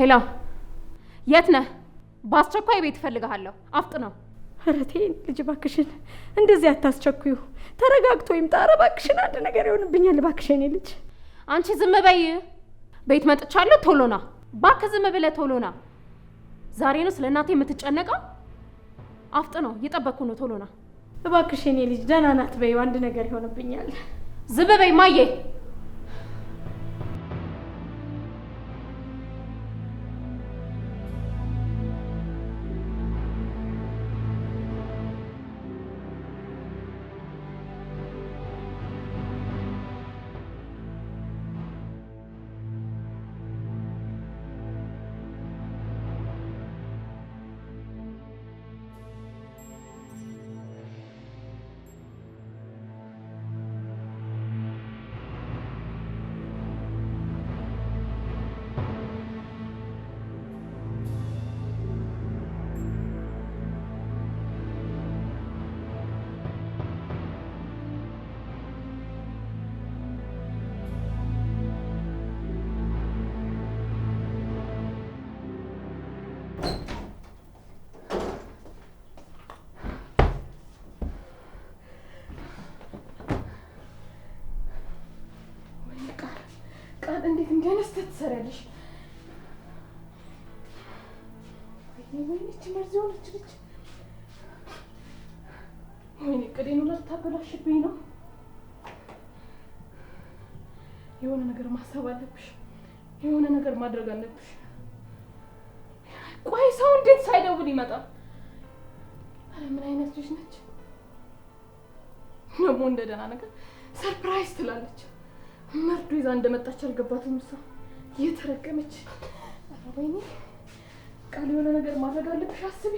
ሄሎ፣ የት ነህ? በአስቸኳይ ቤት እፈልግሃለሁ። አፍጥነው። እረቴን ልጅ እባክሽን፣ እንደዚህ አታስቸኩዩ። ተረጋግቶ ይምጣ። ኧረ እባክሽን አንድ ነገር ይሆንብኛል። እባክሽን የኔ ልጅ፣ አንቺ ዝም በይ። ቤት መጥቻለሁ። ቶሎ ና እባክህ፣ ዝም ብለህ ቶሎ ና። ዛሬ ነው ስለ እናቴ የምትጨነቀው? አፍጥነው፣ እየጠበቅኩ ነው። ቶሎ ና እባክሽን የኔ ልጅ። ደህና ናት በይው። አንድ ነገር ይሆንብኛል። ዝም በይ ማዬ እንደነስተህ ትሰሪያለሽ። ወይኔች መርዝ የሆነች ልጅ! ወይኔ ልታበላሽብኝ ነው። የሆነ ነገር ማሰብ አለብሽ። የሆነ ነገር ማድረግ አለብሽ። ቆይ ሰው እንዴት ሳይደውል ይመጣል? አረ ምን አይነት ልጅ ነች ደግሞ! እንደ ደህና ነገር ሰርፕራይዝ ትላለች። መርዶ ይዛ እንደመጣች አልገባትም። እሷ እየተረገመች ወይኔ ቃል የሆነ ነገር ማድረግ አለብሽ አስቤ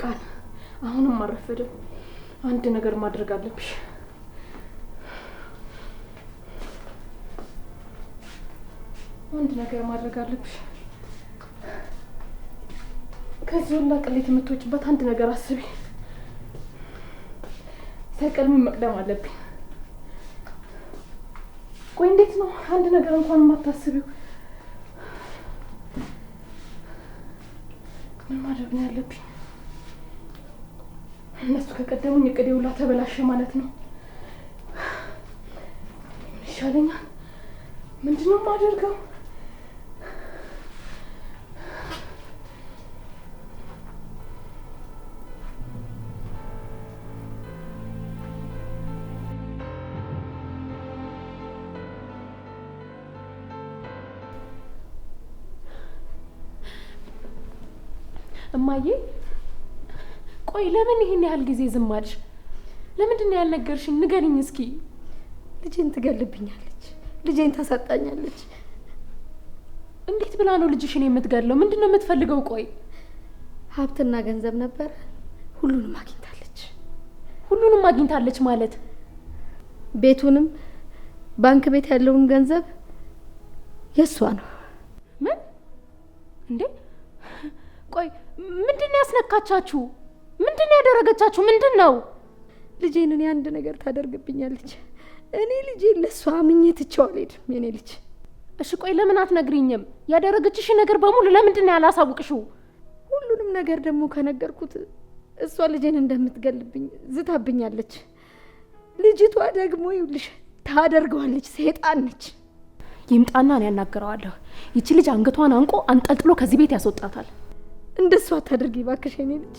ቃል አሁንም አረፈደም። አንድ ነገር ማድረግ አለብሽ። አንድ ነገር ማድረግ አለብሽ። ከዚህ ሁላ ቅሌት የምትወጭበት አንድ ነገር አስቤ። ሳይቀድም መቅደም አለብኝ። ቆይ እንዴት ነው አንድ ነገር እንኳን የማታስቢው? ምን ማድረግ ነው ያለብኝ? እነሱ ከቀደሙኝ እቅዴ ሁላ ተበላሸ ማለት ነው። ምን ይሻለኛል? ምንድን ነው የማደርገው? እማዬ ቆይ ለምን ይህን ያህል ጊዜ ዝም አልሽ? ለምንድን ነው ያልነገርሽኝ? ንገሪኝ እስኪ። ልጄን ትገልብኛለች፣ ልጄን ታሳጣኛለች። እንዴት ብላ ነው ልጅሽን የምትገለው ምንድን ነው የምትፈልገው? ቆይ ሀብትና ገንዘብ ነበር? ሁሉንም አግኝታለች። ሁሉንም አግኝታለች ማለት ቤቱንም ባንክ ቤት ያለውን ገንዘብ የእሷ ነው። ምን እንዴ ቆይ ምንድን ነው ያስነካቻችሁ? ምንድን ነው ያደረገቻችሁ? ምንድን ነው? ልጄን እኔ አንድ ነገር ታደርግብኛለች። እኔ ልጄ ለእሷ አምኜ ትቼው አልሄድም። የኔ ልጅ እሺ፣ ቆይ ለምን አትነግሪኝም? ያደረገችሽ ነገር በሙሉ ለምንድን ነው ያላሳውቅሽው? ሁሉንም ነገር ደግሞ ከነገርኩት እሷ ልጄን እንደምትገልብኝ ዝታብኛለች። ልጅቷ ደግሞ ይኸውልሽ ታደርገዋለች። ሴጣን ነች። ይምጣና ነው ያናግረዋለሁ። ይቺ ልጅ አንገቷን አንቆ አንጠልጥሎ ከዚህ ቤት ያስወጣታል። እንደሷ አታድርጊ እባክሽ የኔ ልጅ።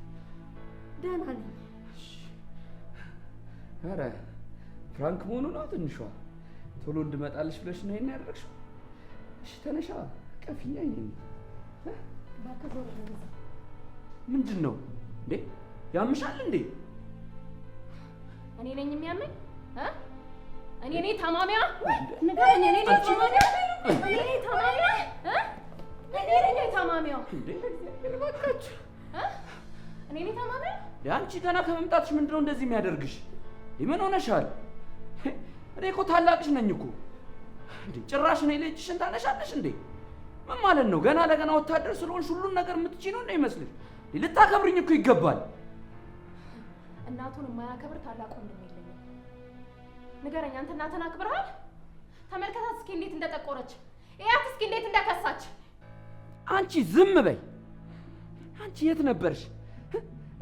ደህና ነኝ። ኧረ ፍራንክ መሆኑ ነው ትንሿ። ቶሎ እንድመጣልሽ ብለሽ ነው ይሄን ያደረግሽው? እሺ ተነሻ፣ ቀፊኛ። ይሄን ምንድን ነው እንዴ? ያምሻል እንዴ? እኔ ነኝ የሚያመኝ እ እኔ ነኝ ታማሚያ። ንገረኝ፣ እኔ ነኝ ታማሚያ። እኔ ነኝ ታማሚያ እኔ ነኝ ታማሚያ። እባካችሁ እኔ ነኝ ታማሚያ አንቺ ገና ከመምጣትሽ ምንድነው እንደዚህ የሚያደርግሽ? ምን ሆነሻል? እኔ እኮ ታላቅሽ ነኝ እኮ ጭራሽ እኔ ልጅሽን ታነሻለሽ እንዴ? ምን ማለት ነው? ገና ለገና ወታደር ስለሆንሽ ሁሉን ነገር የምትች ነው እንደ ይመስልሽ? ልታከብርኝ እኮ ይገባል። እናቱን የማያከብር ታላቅ ወንድም የለኝም። ንገረኝ፣ አንተ እናትህን አክብረሃል? ተመልከታት እስኪ እንዴት እንደጠቆረች፣ እያት እስኪ እንዴት እንደከሳች። አንቺ ዝም በይ። አንቺ የት ነበርሽ?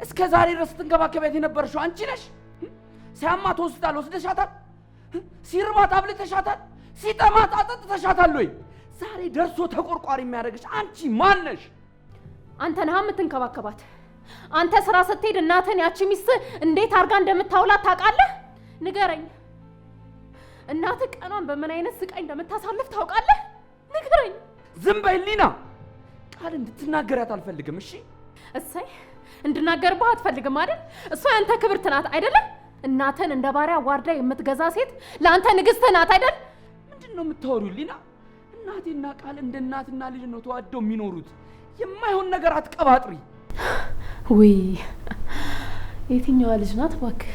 እስከ ዛሬ ድረስ ስትንከባከቢያት የነበረሽው አንቺ ነሽ። ሲያማት ሆስፒታል ወስደሻታል። ሲርባት አብልተሻታል። ሲጠማት አጠጥተሻታል። ወይ ዛሬ ደርሶ ተቆርቋሪ የሚያደርግሽ አንቺ ማን ነሽ? አንተ ነህ የምትንከባከባት። አንተ ስራ ስትሄድ እናትን ያቺ ሚስት እንዴት አድርጋ እንደምታውላት ታውቃለህ? ንገረኝ። እናት ቀኗን በምን አይነት ስቃይ እንደምታሳልፍ ታውቃለህ? ንገረኝ። ዝም በይ ሊና፣ ቃል እንድትናገሪያት አልፈልግም። እሺ እሰይ እንድናገርብህ አትፈልግም አይደል? እሷ ያንተ ክብርት ናት አይደለም? እናተን እንደ ባሪያ ዋርዳ የምትገዛ ሴት ለአንተ ንግስት ናት አይደል? ምንድን ነው የምታወሪው ሊና? እናቴና ቃል እንደ እናትና ልጅ ነው ተዋደው የሚኖሩት። የማይሆን ነገር አትቀባጥሪ። ውይ የትኛዋ ልጅ ናት እባክህ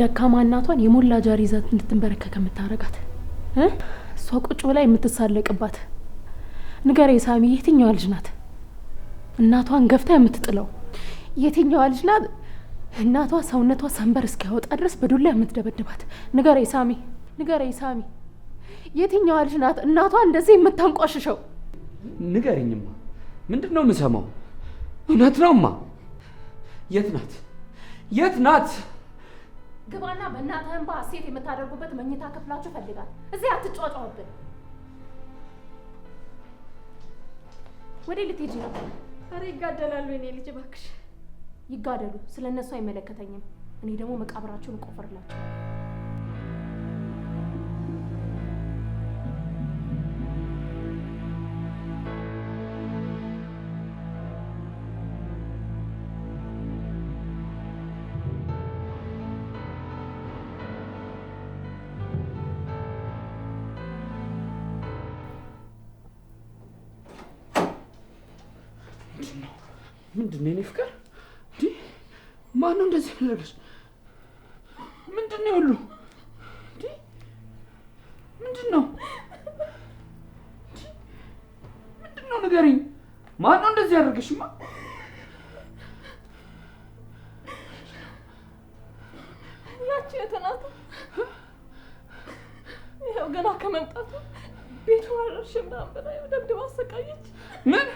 ደካማ እናቷን የሞላ ጃሪ ይዛት እንድትንበረከ የምታረጋት እሷ ቁጭ ብላ የምትሳለቅባት ንገሬ ሳሚ የትኛዋ ልጅ ናት እናቷን ገፍታ የምትጥለው የትኛዋ ልጅ ናት እናቷ ሰውነቷ ሰንበር እስኪያወጣ ድረስ በዱላ የምትደበድባት? ንገረኝ ሳሚ፣ ንገረኝ ሳሚ፣ የትኛዋ ልጅ ናት እናቷ እንደዚህ የምታንቋሽሸው? ንገረኝማ፣ ምንድን ነው የምሰማው? እውነት ነውማ። የት ናት? የት ናት? ግባና በእናትህን በሀሴት የምታደርጉበት መኝታ ክፍላችሁ ፈልጋል። እዚህ አትጫጫውብን። ወዴት ልትሄጂ ነው? ኧረ ይጋደላሉ እኔ ልጅ እባክሽ ይጋደሉ። ስለ እነሱ አይመለከተኝም። እኔ ደግሞ መቃብራቸውን እቆፍርላቸው። ምንድን ነው የእኔ ፍቅር? ማን ነው እንደዚህ ያደረገሽ? ምንድን ነው ያሉ? ምንድን ነው ምንድን ነው ንገሪኝ። ማን ነው እንደዚህ ማ ያቺ የተናቱ ይኸው ገና ከመምጣቱ ቤቱ አረርሽ ምናምን ብላ ደብድባ አሰቃየች። ምን